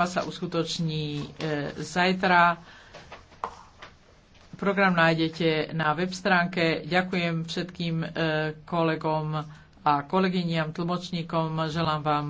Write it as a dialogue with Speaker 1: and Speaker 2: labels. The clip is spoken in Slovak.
Speaker 1: rozpráva sa uskutoční e, zajtra. Program nájdete na web stránke. Ďakujem všetkým e, kolegom a kolegyniam, tlmočníkom. Želám vám